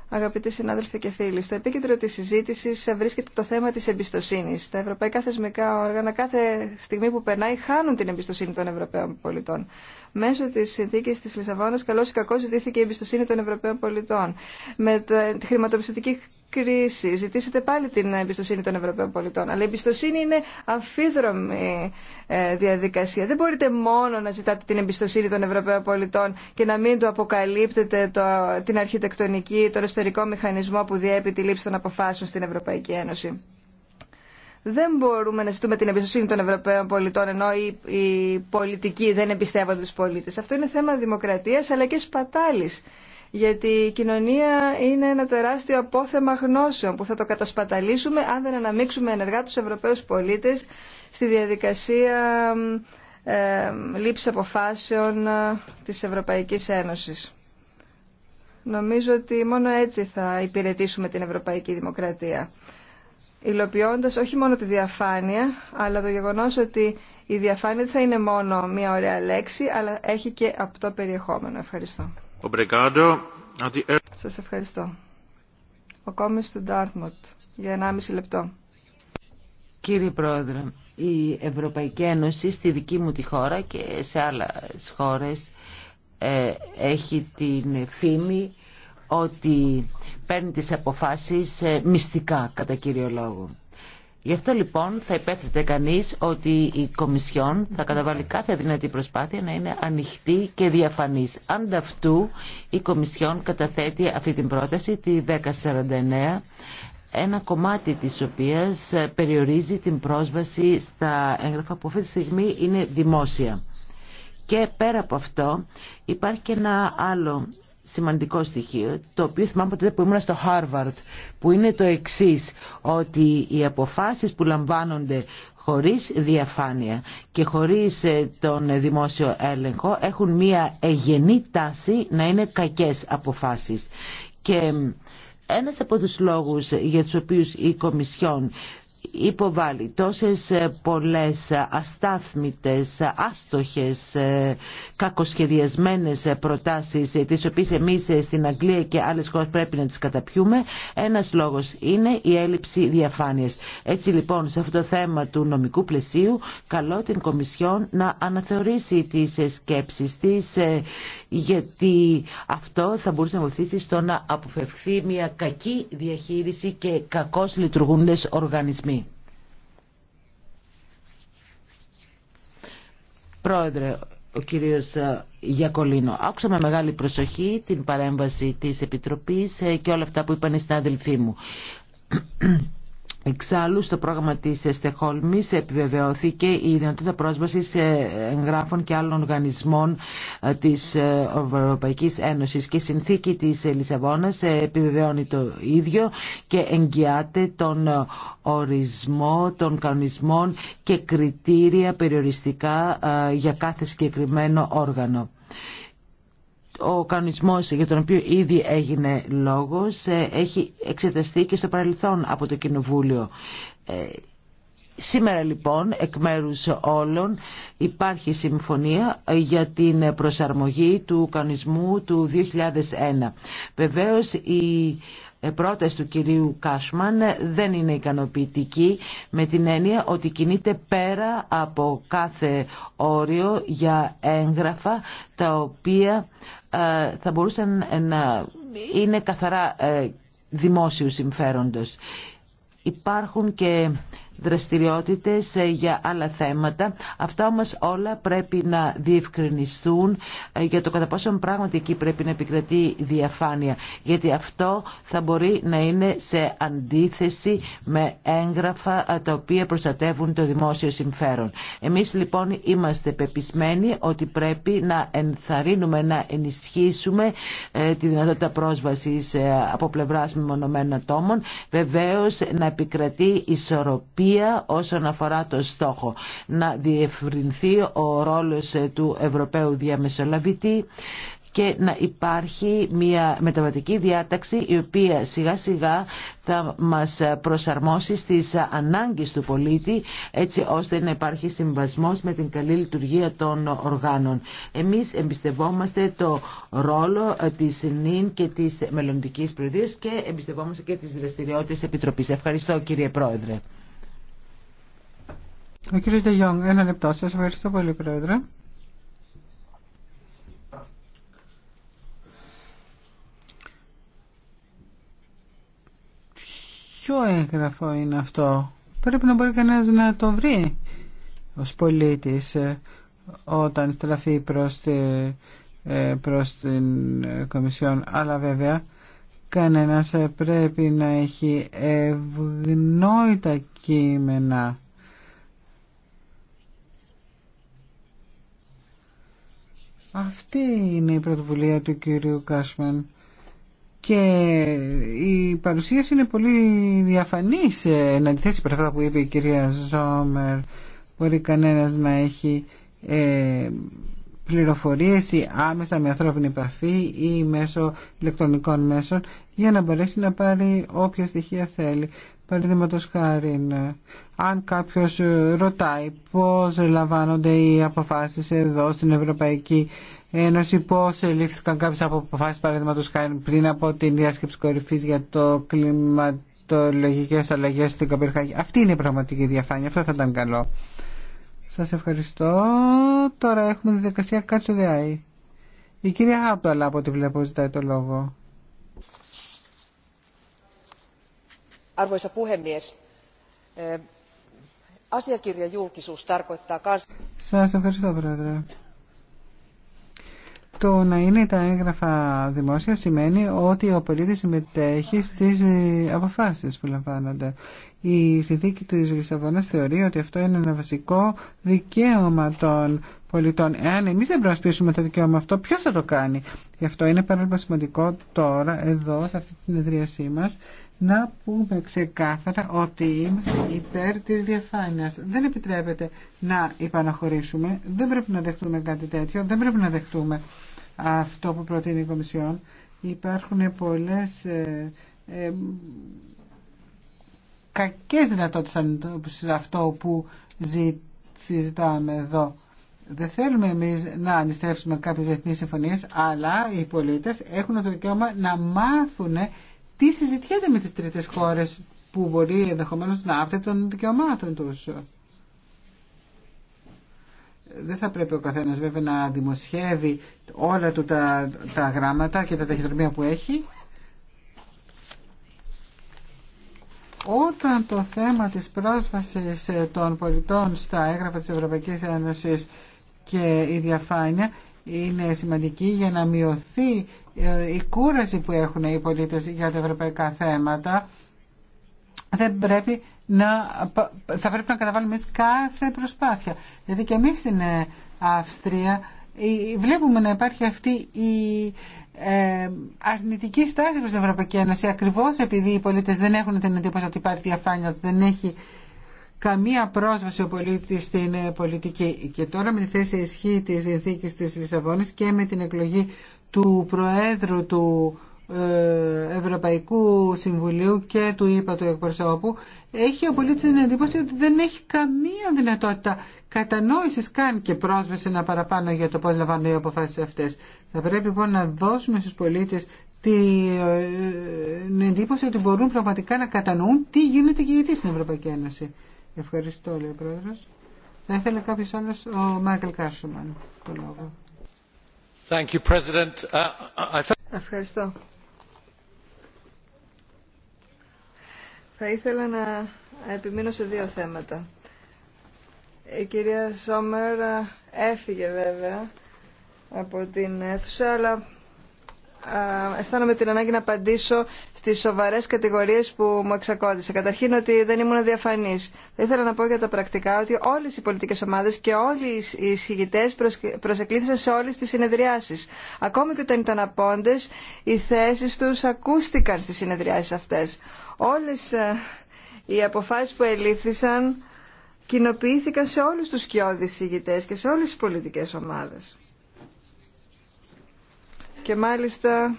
Αγαπητοί συνάδελφοι και φίλοι, στο επίκεντρο τη συζήτηση βρίσκεται το θέμα τη εμπιστοσύνη. Τα ευρωπαϊκά θεσμικά όργανα κάθε στιγμή που περνάει χάνουν την εμπιστοσύνη των Ευρωπαίων πολιτών. Μέσω τη συνθήκη τη Λισαβόνα, καλώ η κακο ζητηθηκε η εμπιστοσυνη των Ευρωπαίων πολιτών. Με τη χρηματοπιστωτική κρίση. Ζητήσετε πάλι την εμπιστοσύνη των Ευρωπαίων πολιτών. Αλλά η εμπιστοσύνη είναι αμφίδρομη ε, διαδικασία. Δεν μπορείτε μόνο να ζητάτε την εμπιστοσύνη των Ευρωπαίων πολιτών και να μην του αποκαλύπτετε την αρχιτεκτονική, τον εσωτερικό μηχανισμό που διέπει τη λήψη των αποφάσεων στην Ευρωπαϊκή Ένωση. Δεν μπορούμε να ζητούμε την εμπιστοσύνη των Ευρωπαίων πολιτών ενώ οι, οι πολιτικοί δεν εμπιστεύονται του πολίτε. Αυτό είναι θέμα δημοκρατία αλλά και σπατάλη γιατί η κοινωνία είναι ένα τεράστιο απόθεμα γνώσεων που θα το κατασπαταλήσουμε αν δεν αναμίξουμε ενεργά τους Ευρωπαίους πολίτες στη διαδικασία ε, λήψης αποφάσεων ε, της Ευρωπαϊκής Ένωσης. Νομίζω ότι μόνο έτσι θα υπηρετήσουμε την Ευρωπαϊκή Δημοκρατία υλοποιώντα όχι μόνο τη διαφάνεια, αλλά το γεγονό ότι η διαφάνεια δεν θα είναι μόνο μια ωραία λέξη, αλλά έχει και αυτό περιεχόμενο. Ευχαριστώ. Σας ευχαριστώ. Ο του για 1,5 λεπτό. Κύριε Πρόεδρε, η Ευρωπαϊκή Ένωση στη δική μου τη χώρα και σε άλλες χώρες ε, έχει την φήμη ότι παίρνει τις αποφάσεις ε, μυστικά κατά κύριο λόγο. Γι' αυτό λοιπόν θα υπέθετε κανείς ότι η Κομισιόν θα καταβάλει κάθε δυνατή προσπάθεια να είναι ανοιχτή και διαφανής. Ανταυτού η Κομισιόν καταθέτει αυτή την πρόταση, τη 1049, ένα κομμάτι της οποίας ε, περιορίζει την πρόσβαση στα έγγραφα που αυτή τη στιγμή είναι δημόσια. Και πέρα από αυτό υπάρχει και ένα άλλο σημαντικό στοιχείο, το οποίο θυμάμαι τότε που ήμουν στο Χάρβαρτ, που είναι το εξής, ότι οι αποφάσεις που λαμβάνονται χωρίς διαφάνεια και χωρίς ε, τον δημόσιο έλεγχο έχουν μία εγενή τάση να είναι κακές αποφάσεις. Και ένας από τους λόγους για τους οποίους η Κομισιόν υποβάλει τόσες ε, πολλές ε, αστάθμητες, ε, άστοχες, κακοσχεδιασμένες προτάσεις τις οποίες εμείς στην Αγγλία και άλλες χώρες πρέπει να τις καταπιούμε ένας λόγος είναι η έλλειψη διαφάνειας. Έτσι λοιπόν σε αυτό το θέμα του νομικού πλαισίου καλώ την Κομισιόν να αναθεωρήσει τις σκέψεις της γιατί αυτό θα μπορούσε να βοηθήσει στο να αποφευχθεί μια κακή διαχείριση και κακώς λειτουργούντες οργανισμοί. Πρόεδρε, ο κύριος ε, Γιακολίνο. Άκουσα με μεγάλη προσοχή την παρέμβαση της Επιτροπής ε, και όλα αυτά που είπαν οι συνάδελφοί μου. Εξάλλου, στο πρόγραμμα της Στεχόλμη επιβεβαιώθηκε η δυνατότητα πρόσβαση εγγράφων και άλλων οργανισμών ε, της ε, Ευρωπαϊκή Ένωση και η συνθήκη της Λισαβόνας ε, επιβεβαιώνει το ίδιο και εγγυάται τον ορισμό των κανονισμών και κριτήρια περιοριστικά για κάθε συγκεκριμένο όργανο ο κανονισμός για τον οποίο ήδη έγινε λόγος ε, έχει εξεταστεί και στο παρελθόν από το Κοινοβούλιο. Ε, σήμερα λοιπόν εκ μέρους όλων υπάρχει συμφωνία ε, για την προσαρμογή του κανονισμού του 2001. Βεβαίως η πρόταση του κυρίου Κάσμαν δεν είναι ικανοποιητική με την έννοια ότι κινείται πέρα από κάθε όριο για έγγραφα τα οποία ε, θα μπορούσαν να είναι καθαρά ε, δημόσιου συμφέροντος. Υπάρχουν και δραστηριότητες ε, για άλλα θέματα. Αυτά όμως όλα πρέπει να διευκρινιστούν ε, για το κατά πόσο πράγματι εκεί πρέπει να επικρατεί διαφάνεια. Γιατί αυτό θα μπορεί να είναι σε αντίθεση με έγγραφα ε, τα οποία προστατεύουν το δημόσιο συμφέρον. Εμείς λοιπόν είμαστε πεπισμένοι ότι πρέπει να ενθαρρύνουμε, να ενισχύσουμε τη δυνατότητα πρόσβασης από πλευράς μεμονωμένων ατόμων. Βεβαίως να επικρατεί ισορροπία όσον αφορά το στόχο. Να διευρυνθεί ο ρόλος ε, του Ευρωπαίου Διαμεσολαβητή και να υπάρχει μια μεταβατική διάταξη η οποία σιγά σιγά θα μας προσαρμόσει στις ανάγκες του πολίτη έτσι ώστε να υπάρχει συμβασμός με την καλή λειτουργία των οργάνων. Εμείς εμπιστευόμαστε το ρόλο ε, της ΝΙΝ και της μελλοντικής προεδρίας και εμπιστευόμαστε και τις δραστηριότητες επιτροπής. Ευχαριστώ κύριε Πρόεδρε. Ο κύριο Δεγιόν, ένα λεπτό. Σα ευχαριστώ πολύ, Πρόεδρε. Ποιο έγγραφο είναι αυτό. Πρέπει να μπορεί κανένας να το βρει ως πολίτης ε, όταν στραφεί προς, τη, ε, προς την ε, Κομισιόν. Αλλά βέβαια κανένας πρέπει να έχει ευγνώητα κείμενα Αυτή είναι η πρωτοβουλία του κύριου Κάσμαν. Και η παρουσίαση είναι πολύ διαφανής ε, εν αντιθέσει με αυτά που είπε η κυρία Ζόμερ. Μπορεί κανένας να έχει ε, πληροφορίες ή άμεσα με ανθρώπινη επαφή ή μέσω ηλεκτρονικών μέσων για να μπορέσει να πάρει όποια στοιχεία θέλει. Παραδείγματο χάρη, ναι. αν κάποιο ε, ρωτάει πώ λαμβάνονται οι αποφάσει εδώ στην Ευρωπαϊκή Ένωση, πώ λήφθηκαν κάποιε αποφάσει, παραδείγματο χάρη, πριν από την διάσκεψη κορυφή για το κλιματολογικέ αλλαγέ στην Καπερχάγη. Αυτή είναι η πραγματική διαφάνεια. Αυτό θα ήταν καλό. Σας ευχαριστώ. Τώρα έχουμε τη δικασία Κάτσο Η κυρία Άπτολα από ό,τι βλέπω ζητάει το λόγο. arvoisa eh, ευχαριστώ πρόεδρε. Το να είναι τα έγγραφα δημόσια σημαίνει ότι ο πολιτή συμμετέχει στι ε, αποφάσεις που λαμβάνονται. Η συνθήκη τη Λισαβόνα θεωρεί ότι αυτό είναι ένα βασικό δικαίωμα των πολιτών. Εάν εμεί δεν προσπίσουμε το δικαίωμα αυτό, ποιος θα το κάνει. Γι' αυτό είναι πάρα πολύ σημαντικό τώρα, εδώ, σε αυτή τη συνεδρίασή μα να πούμε ξεκάθαρα ότι είμαστε υπέρ της διαφάνειας. Δεν επιτρέπεται να υπαναχωρήσουμε, δεν πρέπει να δεχτούμε κάτι τέτοιο, δεν πρέπει να δεχτούμε αυτό που προτείνει η Κομισιόν. Υπάρχουν πολλές ε, ε, κακές σε αυτό που συζητάμε εδώ. Δεν θέλουμε εμείς να αντιστρέψουμε κάποιες διεθνεί συμφωνίες, αλλά οι πολίτες έχουν το δικαίωμα να μάθουν τι συζητιέται με τις τρίτες χώρες που μπορεί ενδεχομένως να άπτε των δικαιωμάτων τους. Δεν θα πρέπει ο καθένας βέβαια να δημοσιεύει όλα του τα, τα γράμματα και τα ταχυδρομεία που έχει. Όταν το θέμα της πρόσβασης ε, των πολιτών στα έγγραφα της Ευρωπαϊκής Ένωσης και η διαφάνεια είναι σημαντική για να μειωθεί ε, η κούραση που έχουν οι πολίτες για τα ευρωπαϊκά θέματα δεν πρέπει να, θα πρέπει να καταβάλουμε κάθε προσπάθεια. Γιατί και εμείς στην ε, Αυστρία βλέπουμε να υπάρχει αυτή η ε, αρνητική στάση προς την Ευρωπαϊκή Ένωση ακριβώς επειδή οι πολίτες δεν έχουν την εντύπωση ότι υπάρχει διαφάνεια, ότι δεν έχει καμία πρόσβαση ο πολίτη στην πολιτική. Και τώρα με τη θέση ισχύ τη συνθήκη τη Λισαβόνη και με την εκλογή του Προέδρου του ε, Ευρωπαϊκού Συμβουλίου και του ΙΠΑ του εκπροσώπου έχει ο πολίτης την εντύπωση ότι δεν έχει καμία δυνατότητα κατανόησης καν και πρόσβεση να παραπάνω για το πώς λαμβάνουν οι αποφάσεις αυτές. Θα πρέπει λοιπόν να δώσουμε στους πολίτες την ε, ε, εντύπωση ότι μπορούν πραγματικά να κατανοούν τι γίνεται και γιατί στην Ευρωπαϊκή Ένωση. Ευχαριστώ, λέει ο Πρόεδρος. Θα ήθελε κάποιος άλλος, ο Μάικλ Κάρσουμαν, το λόγο. Uh, Θα ήθελα να επιμείνω σε δύο θέματα. Η κυρία Σόμερ ε, έφυγε βέβαια από την αίθουσα, αλλά αισθάνομαι την ανάγκη να απαντήσω στις σοβαρές κατηγορίες που μου εξακόντησε. Καταρχήν ότι δεν ήμουν διαφανής. Θα ήθελα να πω για τα πρακτικά ότι όλες οι πολιτικές ομάδες και όλοι οι εισηγητές προσεκλήθησαν σε όλες τις συνεδριάσεις. Ακόμη και όταν ήταν απόντες, οι θέσεις τους ακούστηκαν στις συνεδριάσεις αυτές. Όλες ε, οι αποφάσεις που ελήφθησαν κοινοποιήθηκαν σε όλους τους σκιώδεις εισηγητές και σε όλες τις πολιτικές ομάδες. Και μάλιστα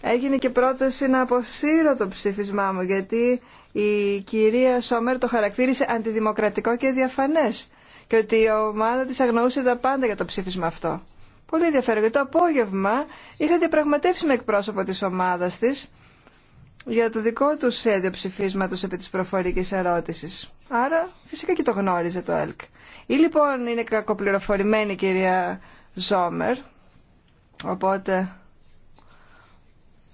έγινε και πρόταση να αποσύρω το ψήφισμά μου γιατί η κυρία Σόμερ το χαρακτήρισε αντιδημοκρατικό και διαφανές και ότι η ομάδα της αγνοούσε τα πάντα για το ψήφισμα αυτό. Πολύ ενδιαφέρον γιατί το απόγευμα είχα διαπραγματεύσει με εκπρόσωπο της ομάδας της για το δικό του σχέδιο ψηφίσματο επί τη προφορική ερώτηση. Άρα φυσικά και το γνώριζε το ΕΛΚ. Ή λοιπόν είναι κακοπληροφορημένη η κυρία Ζόμερ, Οπότε,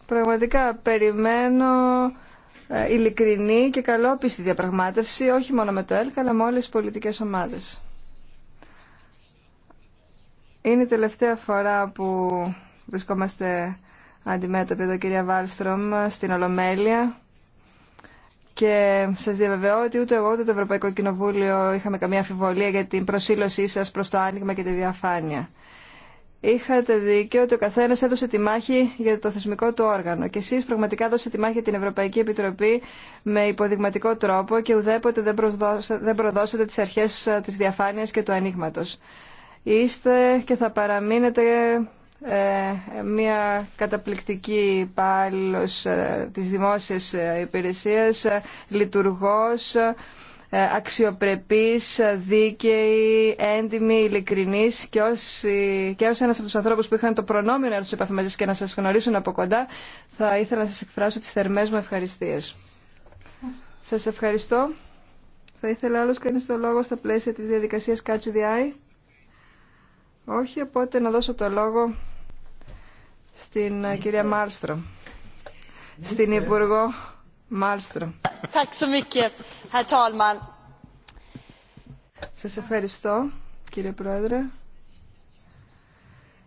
πραγματικά περιμένω ε, ειλικρινή και καλόπιστη διαπραγμάτευση, όχι μόνο με το ΕΛΚ, αλλά με όλες τις πολιτικές ομάδες. Είναι η τελευταία φορά που βρισκόμαστε αντιμέτωποι εδώ, κυρία Βάλστρομ, στην Ολομέλεια. Και σας διαβεβαιώ ότι ούτε εγώ ούτε το Ευρωπαϊκό Κοινοβούλιο είχαμε καμία αφιβολία για την προσήλωσή σας προς το άνοιγμα και τη διαφάνεια. Είχατε δίκιο ότι ο καθένα έδωσε τη μάχη για το θεσμικό του όργανο. Και εσεί πραγματικά δώσατε τη μάχη για την Ευρωπαϊκή Επιτροπή με υποδειγματικό τρόπο και ουδέποτε δεν, δεν προδώσατε τι αρχέ ε, τη διαφάνεια και του ανοίγματο. Είστε και θα παραμείνετε ε, μια καταπληκτική υπάλληλος ε, της δημόσιας ε, υπηρεσίας, λειτουργός, ε, αξιοπρεπής, δίκαιη, έντιμη, ειλικρινής και ως, και ένας από τους ανθρώπους που είχαν το προνόμιο να έρθουν σε επαφή μαζί και να σας γνωρίσουν από κοντά θα ήθελα να σας εκφράσω τις θερμές μου ευχαριστίες. Σας ευχαριστώ. Θα ήθελα άλλος κανεί το λόγο στα πλαίσια της διαδικασίας Catch the Eye. Όχι, οπότε να δώσω το λόγο στην ε, κυρία Μάρστρο, στην Υπουργό Μάλστρομ. Σας ευχαριστώ, κύριε Πρόεδρε.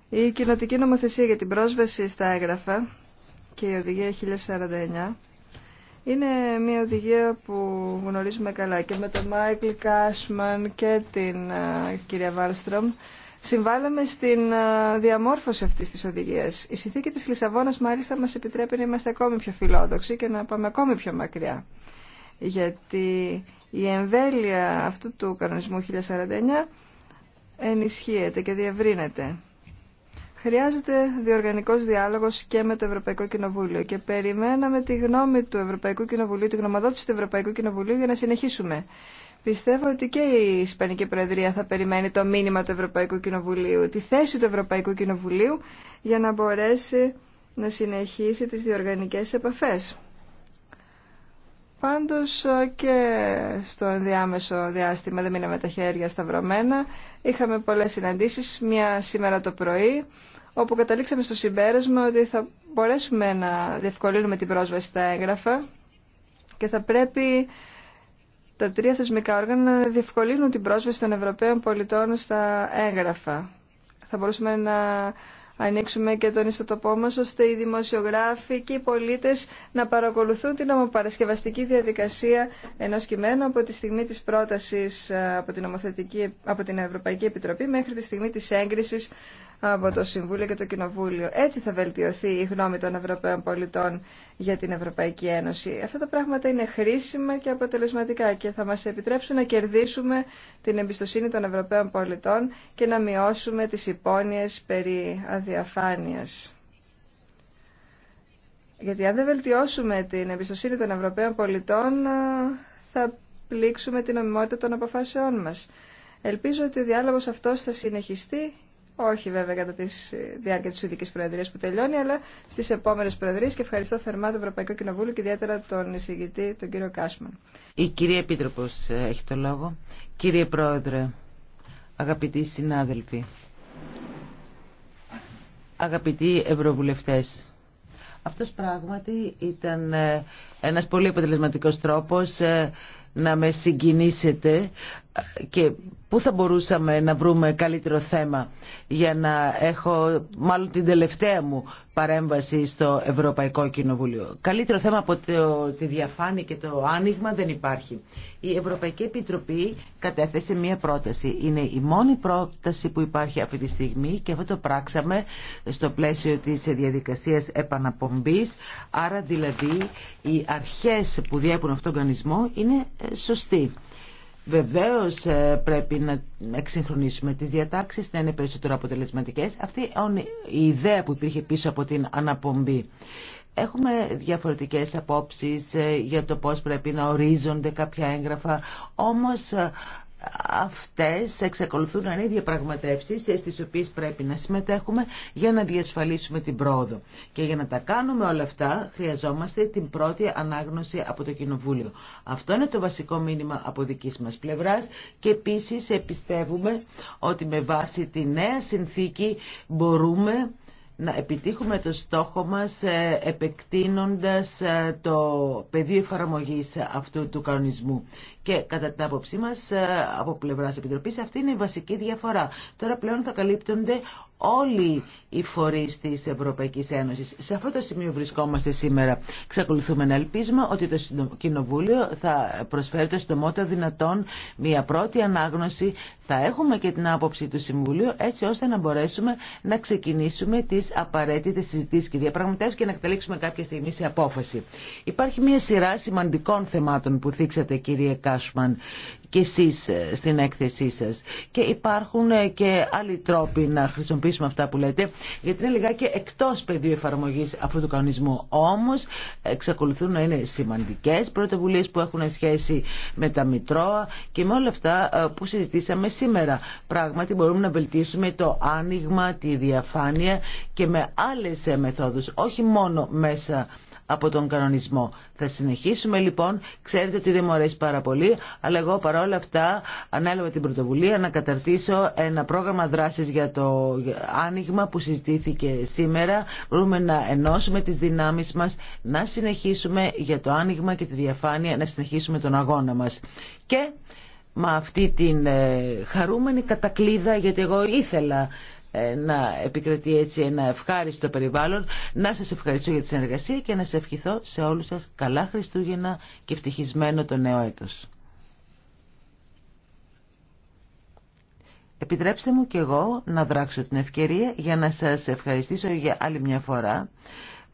Η κοινοτική νομοθεσία για την πρόσβαση στα έγγραφα και η οδηγία 1049 είναι μια οδηγία που γνωρίζουμε καλά και με τον Μάικλ Κάσμαν και την ε, κυρία Βάλστρομ συμβάλαμε στην ε, διαμόρφωση αυτής της οδηγίας. Η συνθήκη της Λισαβόνας μάλιστα μας επιτρέπει να είμαστε ακόμη πιο φιλόδοξοι και να πάμε ακόμη πιο μακριά. Γιατί η εμβέλεια αυτού του κανονισμού 1049 ενισχύεται και διευρύνεται. Χρειάζεται διοργανικό διάλογος και με το Ευρωπαϊκό Κοινοβούλιο και περιμέναμε τη γνώμη του Ευρωπαϊκού Κοινοβουλίου, τη γνωμοδότηση του Ευρωπαϊκού Κοινοβουλίου για να συνεχίσουμε. Πιστεύω ότι και η Ισπανική Προεδρία θα περιμένει το μήνυμα του Ευρωπαϊκού Κοινοβουλίου, τη θέση του Ευρωπαϊκού Κοινοβουλίου για να μπορέσει να συνεχίσει τις διοργανικές επαφές. Πάντως και στο ενδιάμεσο διάστημα δεν μείναμε τα χέρια σταυρωμένα. Είχαμε πολλές συναντήσεις, μία σήμερα το πρωί, όπου καταλήξαμε στο συμπέρασμα ότι θα μπορέσουμε να διευκολύνουμε την πρόσβαση στα έγγραφα και θα πρέπει τα τρία θεσμικά όργανα να διευκολύνουν την πρόσβαση των Ευρωπαίων πολιτών στα έγγραφα. Θα μπορούσαμε να ανοίξουμε και τον ιστοτοπό μας, ώστε οι δημοσιογράφοι και οι πολίτες να παρακολουθούν την ομοπαρασκευαστική διαδικασία ενός κειμένου από τη στιγμή της πρότασης ε, από την, από την Ευρωπαϊκή Επιτροπή μέχρι τη στιγμή της έγκρισης από το Συμβούλιο και το Κοινοβούλιο. Έτσι θα βελτιωθεί η γνώμη των Ευρωπαίων πολιτών για την Ευρωπαϊκή Ένωση. Αυτά τα πράγματα είναι χρήσιμα και αποτελεσματικά και θα μας επιτρέψουν να κερδίσουμε την εμπιστοσύνη των Ευρωπαίων πολιτών και να μειώσουμε τις υπόνοιες περί αδιαφάνειας. Γιατί αν δεν βελτιώσουμε την εμπιστοσύνη των Ευρωπαίων πολιτών θα πλήξουμε την ομιμότητα των αποφάσεών μας. Ελπίζω ότι ο διάλογος αυτός θα συνεχιστεί όχι βέβαια κατά τη διάρκεια τη Σουηδική Προεδρία που τελειώνει, αλλά στι επόμενε Προεδρίε και ευχαριστώ θερμά το Ευρωπαϊκό Κοινοβούλιο και ιδιαίτερα τον εισηγητή, τον κύριο Κάσμαν. Η κυρία Επίτροπο ε, έχει το λόγο. Κύριε Πρόεδρε, αγαπητοί συνάδελφοι, αγαπητοί Ευρωβουλευτές, αυτός πράγματι ήταν ε, ένα πολύ αποτελεσματικό τρόπο ε, να με συγκινήσετε και πού θα μπορούσαμε να βρούμε καλύτερο θέμα για να έχω μάλλον την τελευταία μου παρέμβαση στο Ευρωπαϊκό Κοινοβούλιο. Καλύτερο θέμα από το, τη διαφάνεια και το άνοιγμα δεν υπάρχει. Η Ευρωπαϊκή Επιτροπή κατέθεσε μία πρόταση. Είναι η μόνη πρόταση που υπάρχει αυτή τη στιγμή και αυτό το πράξαμε στο πλαίσιο της διαδικασίας επαναπομπής. Άρα δηλαδή οι αρχές που διέπουν αυτόν τον οργανισμό είναι ε, σωστοί. Βεβαίω ε, πρέπει να εξυγχρονίσουμε τις διατάξεις, να είναι περισσότερο αποτελεσματικέ. Αυτή είναι η ιδέα που υπήρχε πίσω από την αναπομπή. Έχουμε διαφορετικές απόψεις ε, για το πώς πρέπει να ορίζονται κάποια έγγραφα, όμως ε, αυτές εξακολουθούν να είναι διαπραγματεύσεις στις οποίες πρέπει να συμμετέχουμε για να διασφαλίσουμε την πρόοδο. Και για να τα κάνουμε όλα αυτά χρειαζόμαστε την πρώτη ανάγνωση από το Κοινοβούλιο. Αυτό είναι το βασικό μήνυμα από δικής μας πλευράς και επίσης πιστεύουμε ότι με βάση τη νέα συνθήκη μπορούμε να επιτύχουμε το στόχο μας ε, επεκτείνοντας ε, το πεδίο εφαρμογής αυτού του κανονισμού. Και κατά την άποψή μας ε, από πλευράς Επιτροπής αυτή είναι η βασική διαφορά. Τώρα πλέον θα καλύπτονται όλοι οι φορείς της Ευρωπαϊκής Ένωσης. Σε αυτό το σημείο βρισκόμαστε σήμερα. Ξεκολουθούμε να ελπίζουμε ότι το Κοινοβούλιο θα προσφέρει το συντομότερο δυνατόν μια πρώτη ανάγνωση. Θα έχουμε και την άποψη του Συμβουλίου έτσι ώστε να μπορέσουμε να ξεκινήσουμε τις απαραίτητες συζητήσεις και διαπραγματεύσεις και να καταλήξουμε κάποια στιγμή σε απόφαση. Υπάρχει μια σειρά σημαντικών θεμάτων που θίξατε κύριε Κάσμαν και εσεί ε, στην έκθεσή σας και υπάρχουν ε, και άλλοι τρόποι να χρησιμοποιήσουμε αυτά που λέτε γιατί είναι λιγάκι εκτός πεδίου εφαρμογής αυτού του κανονισμού. Όμως εξακολουθούν να είναι σημαντικές πρωτοβουλίες που έχουν σχέση με τα Μητρώα και με όλα αυτά ε, που συζητήσαμε σήμερα. Πράγματι μπορούμε να βελτίσουμε το άνοιγμα, τη διαφάνεια και με άλλες ε, μεθόδους, όχι μόνο μέσα από τον κανονισμό. Θα συνεχίσουμε λοιπόν, ξέρετε ότι δεν μου αρέσει πάρα πολύ, αλλά εγώ παρόλα αυτά ανέλαβα την πρωτοβουλία να καταρτήσω ένα πρόγραμμα δράσης για το άνοιγμα που συζητήθηκε σήμερα. Μπορούμε να ενώσουμε τις δυνάμεις μας, να συνεχίσουμε για το άνοιγμα και τη διαφάνεια, να συνεχίσουμε τον αγώνα μας. Και με αυτή την ε, χαρούμενη κατακλίδα, γιατί εγώ ήθελα ε, να επικρατεί έτσι ένα ευχάριστο περιβάλλον. Να σας ευχαριστώ για τη συνεργασία και να σας ευχηθώ σε όλους σας καλά Χριστούγεννα και ευτυχισμένο το νέο έτος. Επιτρέψτε μου και εγώ να δράξω την ευκαιρία για να σας ευχαριστήσω για άλλη μια φορά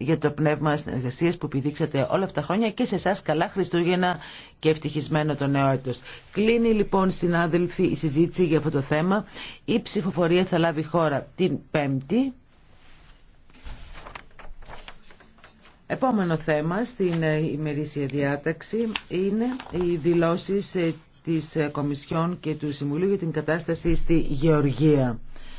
για το πνεύμα συνεργασία που επιδείξατε όλα αυτά τα χρόνια και σε εσά καλά Χριστούγεννα και ευτυχισμένο το νέο έτος. Κλείνει λοιπόν συνάδελφοι η συζήτηση για αυτό το θέμα. Η ψηφοφορία θα λάβει χώρα την Πέμπτη. Επόμενο θέμα στην ε, ημερήσια διάταξη είναι οι δηλώσεις ε, της ε, Κομισιόν και του Συμβουλίου για την κατάσταση στη Γεωργία.